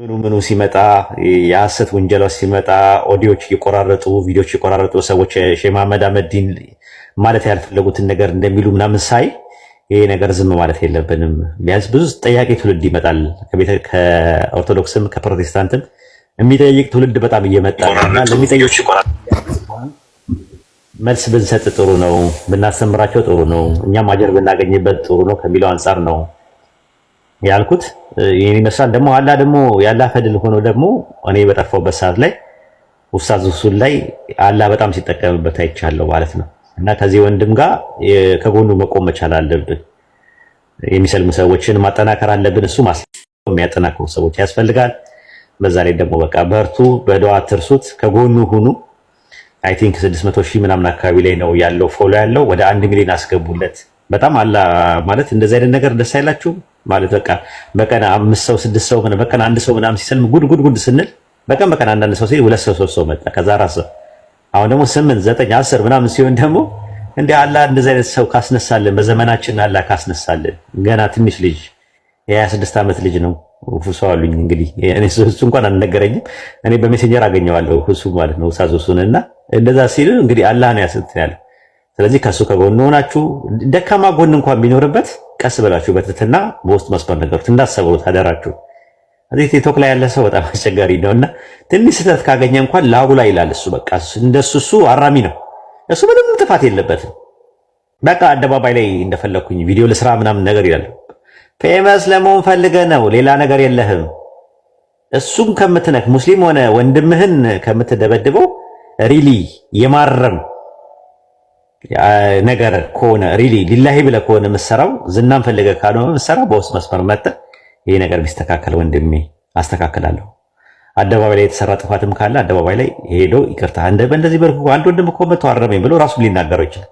ምኑ ምኑ ሲመጣ የሐሰት ውንጀላ ሲመጣ ኦዲዮች እየቆራረጡ ቪዲዮች እየቆራረጡ ሰዎች ሸማመድ አህመድን ማለት ያልፈለጉትን ነገር እንደሚሉ ምናምን ሳይ ይሄ ነገር ዝም ማለት የለብንም። ቢያንስ ብዙ ጠያቂ ትውልድ ይመጣል። ከኦርቶዶክስም ከፕሮቴስታንትም የሚጠይቅ ትውልድ በጣም እየመጣ እና ለሚጠይቅ መልስ ብንሰጥ ጥሩ ነው፣ ብናስተምራቸው ጥሩ ነው፣ እኛም አጀር ብናገኝበት ጥሩ ነው ከሚለው አንጻር ነው ያልኩት። ይህን ይመስላል። ደግሞ አላ ደግሞ ያላ ፈድል ሆኖ ደግሞ እኔ በጠፋሁበት ሰዓት ላይ ኡስታዝ ሱል ላይ አላ በጣም ሲጠቀምበት አይቻለው ማለት ነው። እና ከዚህ ወንድም ጋር ከጎኑ መቆም መቻል አለብን። የሚሰልሙ ሰዎችን ማጠናከር አለብን። እሱ የሚያጠናክሩ ሰዎች ያስፈልጋል። በዛ ላይ ደግሞ በቃ በርቱ፣ በደዋ ትርሱት፣ ከጎኑ ሁኑ። አይ ቲንክ 600 ሺህ ምናምን አካባቢ ላይ ነው ያለው ፎሎ ያለው ወደ አንድ ሚሊዮን አስገቡለት። በጣም አላ ማለት እንደዚህ አይነት ነገር ደስ አይላችሁም? ማለት በቃ በቀን አምስት ሰው ስድስት ሰው ምን በቀን አንድ ሰው ምናምን ሲሰልም ጉድ ጉድ ጉድ ስንል በቀን በቀን አንዳንድ ሰው ሲል ሁለት ሰው ሶስት ሰው መጣ፣ ከዛ አራት ሰው አሁን ደግሞ ስምንት ዘጠኝ አስር ምናምን ሲሆን ደግሞ እንደ አላ እንደዚህ አይነት ሰው ካስነሳልን በዘመናችን አላ ካስነሳልን። ገና ትንሽ ልጅ የሀያ ስድስት ዓመት ልጅ ነው ሁሱ አሉኝ። እንግዲህ እሱ እንኳን አልነገረኝም። እኔ በሜሴንጀር አገኘዋለሁ ሁሱ ማለት ነው ሳዞሱን እና እንደዛ ሲሉ እንግዲህ አላህ ነው ያስንትን ያለ ስለዚህ ከእሱ ከጎን ሆናችሁ ደካማ ጎን እንኳን ቢኖርበት ቀስ ብላችሁ በትትና በውስጥ መስመር ነገሩት፣ እንዳሰበሩት አደራችሁ። እዚህ ቲክቶክ ላይ ያለ ሰው በጣም አስቸጋሪ እና ትንሽ ስህተት ካገኘ እንኳን ላቡ ላይ ይላል። እሱ በቃ እንደሱ እሱ አራሚ ነው። እሱ ምንም ጥፋት የለበትም። በቃ አደባባይ ላይ እንደፈለግኩኝ ቪዲዮ ለስራ ምናምን ነገር ይላል። ፌመስ ለመሆን ፈልገ ነው፣ ሌላ ነገር የለህም። እሱም ከምትነክ ሙስሊም ሆነ ወንድምህን ከምትደበድበው ሪሊ የማረም ነገር ከሆነ ሪሊ ሊላሂ ብለህ ከሆነ የምትሰራው ዝናን ፈልገህ ካልሆነ የምትሰራው በውስጥ መስመር መጥተህ ይህ ነገር ቢስተካከል ወንድሜ አስተካክላለሁ። አደባባይ ላይ የተሰራ ጥፋትም ካለ አደባባይ ላይ ሄዶ ይቅርታ እንደ በእንደዚህ መልኩ አንድ ወንድም እኮ መቶ አረመኝ ብሎ ራሱ ሊናገረው ይችላል።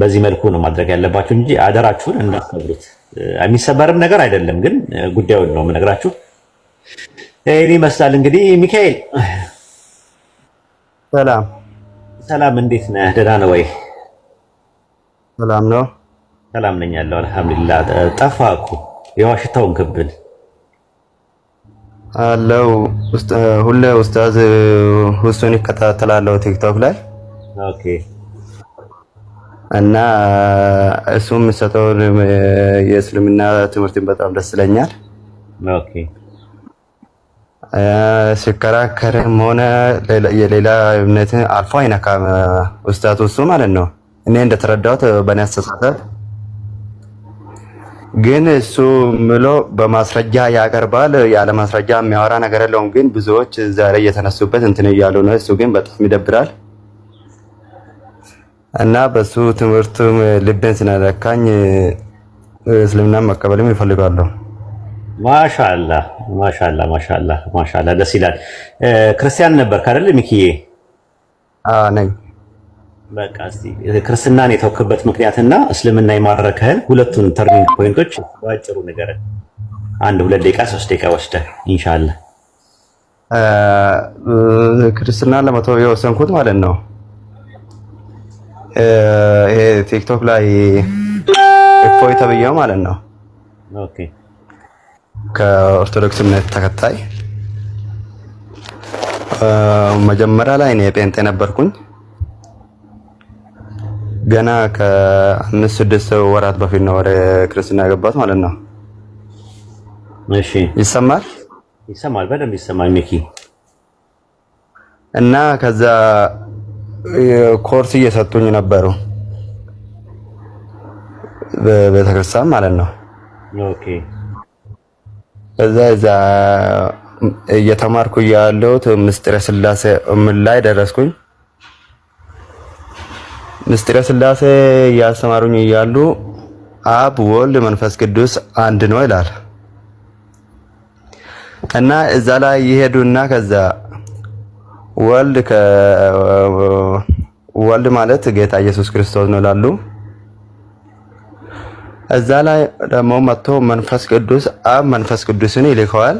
በዚህ መልኩ ነው ማድረግ ያለባችሁ እንጂ አደራችሁን እናከብሩት። የሚሰበርም ነገር አይደለም፣ ግን ጉዳዩን ነው የምነግራችሁ። ይህን ይመስላል እንግዲህ ሚካኤል ሰላም ሰላም እንዴት ነህ? ደህና ነው ወይ? ሰላም ነው። ሰላም ነኝ ያለው አልሐምዱሊላህ። ጠፋህ እኮ የዋሽታውን ክብል አለው ሁሌ ኡስታዝ ሁሱን ይከታተላለሁ ቲክቶክ ላይ ኦኬ። እና እሱም የሚሰጠውን የእስልምና ትምህርትን በጣም ደስ ይለኛል። ኦኬ ሲከራከርም ሆነ የሌላ እምነት አልፎ አይነካ ውስጣቱ እሱ ማለት ነው። እኔ እንደተረዳሁት በእኔ አስተሳሰብ ግን እሱ ምሎ በማስረጃ ያቀርባል። ያለ ማስረጃ የሚያወራ ነገር የለውም። ግን ብዙዎች ዛሬ እየተነሱበት እንትን እያሉ ነው። እሱ ግን በጣም ይደብራል። እና በሱ ትምህርቱም ልቤን ስነካኝ እስልምና መቀበልም ይፈልጋለሁ። ማሻላ ማሻላ ማሻላ ማሻላ ደስ ይላል። ክርስቲያን ነበር ካደለ ሚኪዬ? ነኝ። በቃ ክርስትናን የተወክበት ምክንያትና እስልምና የማረከህን ሁለቱን ተርኒንግ ፖይንቶች በአጭሩ ንገረን። አንድ ሁለት ደቂቃ ሶስት ደቂቃ ወስደህ ኢንሻአላ። ክርስትናን ለመተው የወሰንኩት ማለት ነው ቲክቶክ ላይ እፎይ ተብዬው ማለት ነው ኦኬ ከኦርቶዶክስ እምነት ተከታይ መጀመሪያ ላይ እኔ ጴንጤ ነበርኩኝ። ገና ከአምስት ስድስት ወራት በፊት ነው ወደ ክርስትና የገባት ማለት ነው። እሺ፣ ይሰማል ይሰማል፣ በደንብ ይሰማል ሚኪ። እና ከዛ ኮርስ እየሰጡኝ ነበሩ በቤተክርስቲያን ማለት ነው። ኦኬ እዛ እዛ እየተማርኩ ያለሁት ምስጢረ ስላሴ ምን ላይ ደረስኩኝ። ምስጢረ ስላሴ እያስተማሩኝ እያሉ አብ ወልድ መንፈስ ቅዱስ አንድ ነው ይላል እና እዛ ላይ ይሄዱና ከዛ ወልድ ወልድ ማለት ጌታ ኢየሱስ ክርስቶስ ነው ይላሉ። እዛ ላይ ደግሞ መጥቶ መንፈስ ቅዱስ አብ መንፈስ ቅዱስን ይልከዋል።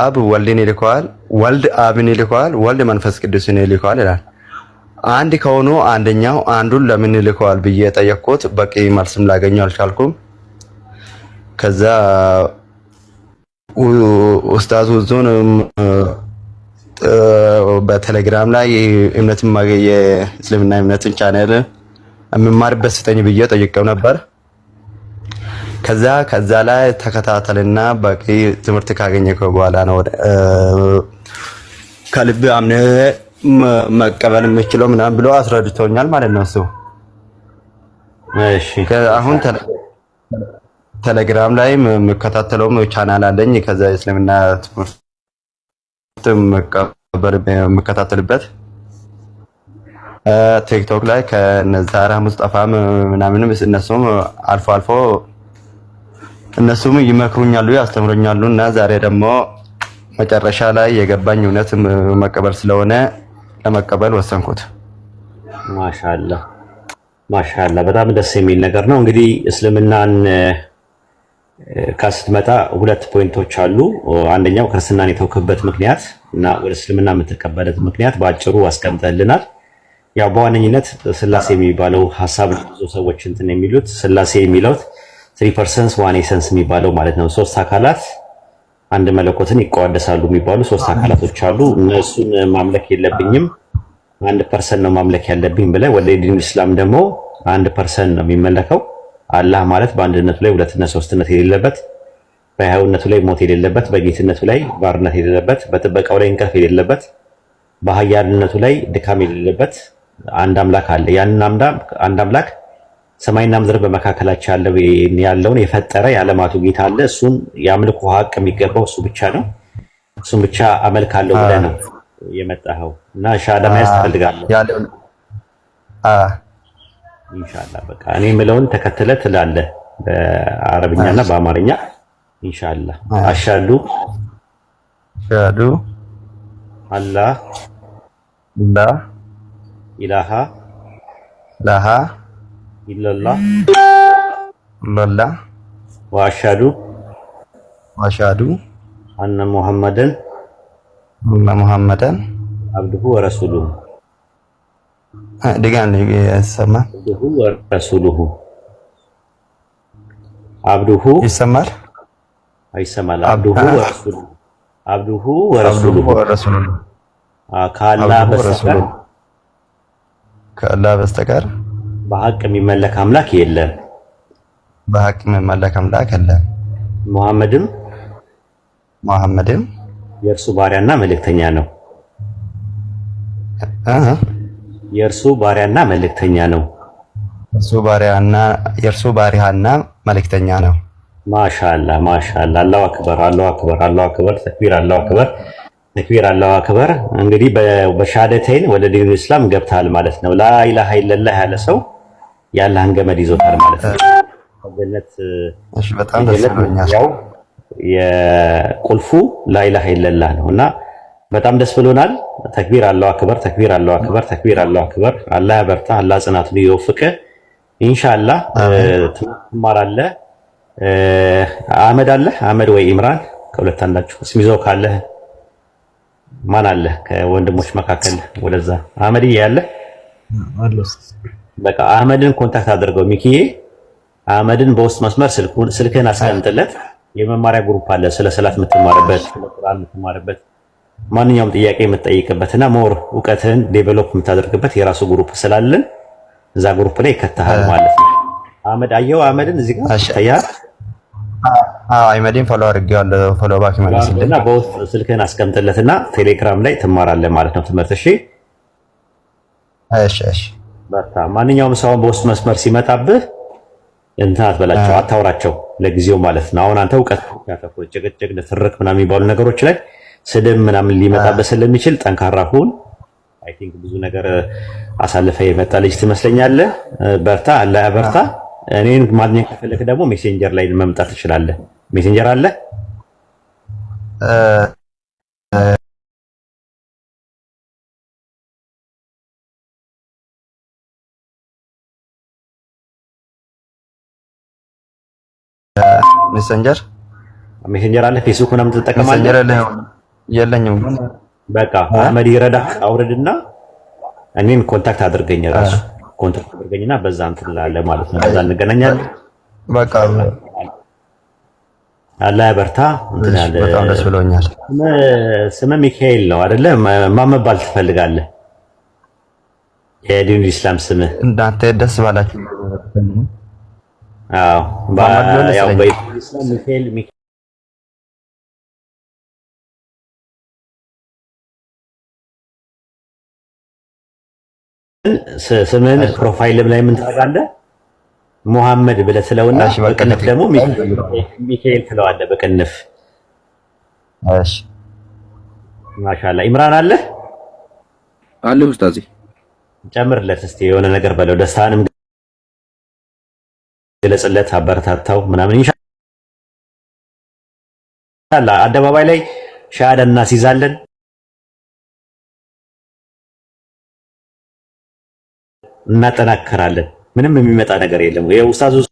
አብ ወልድን ይልከዋል። ወልድ አብን ይልከዋል። ወልድ መንፈስ ቅዱስን ይልከዋል ይላል። አንድ ከሆኑ አንደኛው አንዱን ለምን ይልከዋል ብዬ የጠየቅኩት በቂ መልስም ላገኘው አልቻልኩም። ከዛ ኡስታዝ ዞን በቴሌግራም ላይ እምነት የእስልምና እምነትን ቻኔል የምማርበት ስጠኝ ብዬ ጠይቀው ነበር። ከዛ ከዛ ላይ ተከታተልና በቂ ትምህርት ካገኘ በኋላ ነው ከልብ አምነ መቀበል የምችለው ምናምን ብሎ አስረድቶኛል ማለት ነው እሱ። እሺ አሁን ቴሌግራም ላይ የምከታተለው ቻናል አለኝ። ከዛ እስልምና ትምህርት መቀበል የምከታተልበት ቲክቶክ ላይ ከነዛራ ሙስጠፋ ምናምንም እነሱም አልፎ አልፎ እነሱም ይመክሩኛሉ፣ ያስተምሩኛሉ እና ዛሬ ደግሞ መጨረሻ ላይ የገባኝ እውነት መቀበል ስለሆነ ለመቀበል ወሰንኩት። ማሻላ ማሻላ፣ በጣም ደስ የሚል ነገር ነው። እንግዲህ እስልምናን ከስትመጣ ሁለት ፖይንቶች አሉ። አንደኛው ክርስትናን የተውክበት ምክንያት እና ወደ እስልምና የምትቀበለት ምክንያት በአጭሩ አስቀምጠልናል። ያው በዋነኝነት ስላሴ የሚባለው ሀሳብ ብዙ ሰዎች እንትን የሚሉት ስላሴ የሚለውት ትሪ ፐርሰንስ ዋን ኤሰንስ የሚባለው ማለት ነው። ሶስት አካላት አንድ መለኮትን ይቋደሳሉ የሚባሉ ሶስት አካላቶች አሉ። እነሱን ማምለክ የለብኝም አንድ ፐርሰን ነው ማምለክ ያለብኝ ብለህ ወደ ዲን ኢስላም ደግሞ አንድ ፐርሰን ነው የሚመለከው። አላህ ማለት በአንድነቱ ላይ ሁለትነት ሶስትነት የሌለበት በህያውነቱ ላይ ሞት የሌለበት በጌትነቱ ላይ ባርነት የሌለበት በጥበቃው ላይ እንቅልፍ የሌለበት በሀያልነቱ ላይ ድካም የሌለበት አንድ አምላክ አለ። ያንን አንድ አምላክ ሰማይና ምድር በመካከላቸው ያለው ያለውን የፈጠረ የዓለማቱ ጌታ አለ። እሱን የአምልኮ ሀቅ የሚገባው እሱ ብቻ ነው። እሱን ብቻ አመልካለሁ ብለህ ነው የመጣኸው እና ኢንሻላህ መያዝ ትፈልጋለህ። ኢንሻላህ በቃ እኔ የምለውን ተከትለህ ትላለህ በአረብኛ ና በአማርኛ ኢንሻላህ። አሻሉ ሻዱ አላህ ኢላሃ ላሃ ኢለላህ ኢለላህ ወአሽሀዱ ወአሽሀዱ አነ ሙሐመደን አነ ሙሐመደን አብዱሁ ወረሱሉሁ ድጋሚ ያሰማል። አብዱሁ ወረሱሉሁ አብዱሁ ይሰማል አይሰማል። አብዱሁ ወረሱሉሁ አብዱሁ ወረሱሉሁ ከአላህ በስተቀር ከአላህ በስተቀር በሀቅ የሚመለክ አምላክ የለም። በሀቅ የሚመለክ አምላክ የለም። መሐመድም መሐመድም የእርሱ ባሪያና መልእክተኛ ነው። የእርሱ ባሪያና መልእክተኛ ነው። እርሱ ባሪያና የእርሱ ባሪያና መልእክተኛ ነው። ማሻአላ ማሻአላ። አላሁ አክበር አላሁ አክበር አላሁ አክበር። ተክቢር አላሁ አክበር ተክቢር አላሁ አክበር። እንግዲህ በሻደተይን ወደ ዲኑ ኢስላም ገብተሃል ማለት ነው። ኢላሃ ኢለላህ ያለ ሰው የአላህን ገመድ ይዞታል ማለት ነው። በጣም ያው የቁልፉ ላይላህ የለላህ ነው እና በጣም ደስ ብሎናል። ተክቢር አለው አክበር፣ ተክቢር አለው አክበር፣ ተክቢር አለው አክበር። አላህ ያበርታ፣ አላህ ጽናቱን ይወፍቅህ። ኢንሻአላህ ትማራለህ። አህመድ አለ አህመድ ወይ ኢምራን ከሁለት አንዳችሁ ስሚዞ ካለ ማን አለ ከወንድሞች መካከል ወደዛ አህመድ እያለህ በቃ አህመድን ኮንታክት አድርገው ሚኪዬ አህመድን በውስጥ መስመር ስልክህን አስቀምጥለት። የመማሪያ ግሩፕ አለ፣ ስለ ሰላት የምትማርበት፣ ስለ ቁርአን የምትማርበት፣ ማንኛውም ጥያቄ የምትጠይቅበት እና ሞር እውቀትህን ዴቨሎፕ የምታደርግበት የራሱ ግሩፕ ስላለን እዛ ግሩፕ ላይ ይከተሃል ማለት ነው። አህመድ አየው፣ አህመድን እዚህ ጋር ታያ አህመድን ፎሎ አድርጌዋለሁ። ፎሎ ባክ መልስልና በውስጥ ስልክህን አስቀምጥለት እና ቴሌግራም ላይ ትማራለህ ማለት ነው ትምህርት። እሺ፣ እሺ፣ እሺ ማንኛውም ሰውን በውስጥ መስመር ሲመጣብህ እንትን አትበላቸው፣ አታውራቸው ለጊዜው ማለት ነው። አሁን አንተ እውቀት ያተፈው ጭቅጭቅ፣ ንትርክ ምናምን የሚባሉ ነገሮች ላይ ስድብ ምናምን ሊመጣበት ስለሚችል ጠንካራ ሁን። አይ ቲንክ ብዙ ነገር አሳልፈ የመጣ ልጅ ትመስለኛለህ። በርታ፣ አላህ በርታ። እኔን ማግኘት ከፈለክ ደግሞ ሜሴንጀር ላይ መምጣት ትችላለህ። ሜሴንጀር አለ ሜሴንጀር ሜሴንጀር አለ ፌስቡክ ምናምን ትጠቀማለህ? የለኝም። በቃ አህመድ ይረዳ አውርድና እኔን ኮንታክት አድርገኝ፣ ራሱ ኮንታክት አድርገኝና በዛ እንትን እላለህ ማለት ነው። በዛ እንገናኛለን። በቃ አላህ ያበርታ። እንትን ያለ በጣም ደስ ብሎኛል። ስምህ ሚካኤል ነው አይደለ? ማን መባል ትፈልጋለህ? የዲኑል ኢስላም ስምህ እናንተ ደስ ባላችሁ ስምን ፕሮፋይልም ላይ ምን ታደርጋለህ? ሙሐመድ ብለህ ስለውና በቅንፍ ደግሞ ሚካኤል ትለዋለህ። በቅንፍ ማሻላ ኢምራን አለ አለ ውስጣዚ ጨምርለት እስቲ የሆነ ነገር በለው ደስታንም ገለጽለት፣ አበረታታው ምናምን ይሻላል። አደባባይ ላይ ሻሃዳ እናስይዛለን። እናጠናከራለን። ምንም የሚመጣ ነገር የለም። የኡስታዙ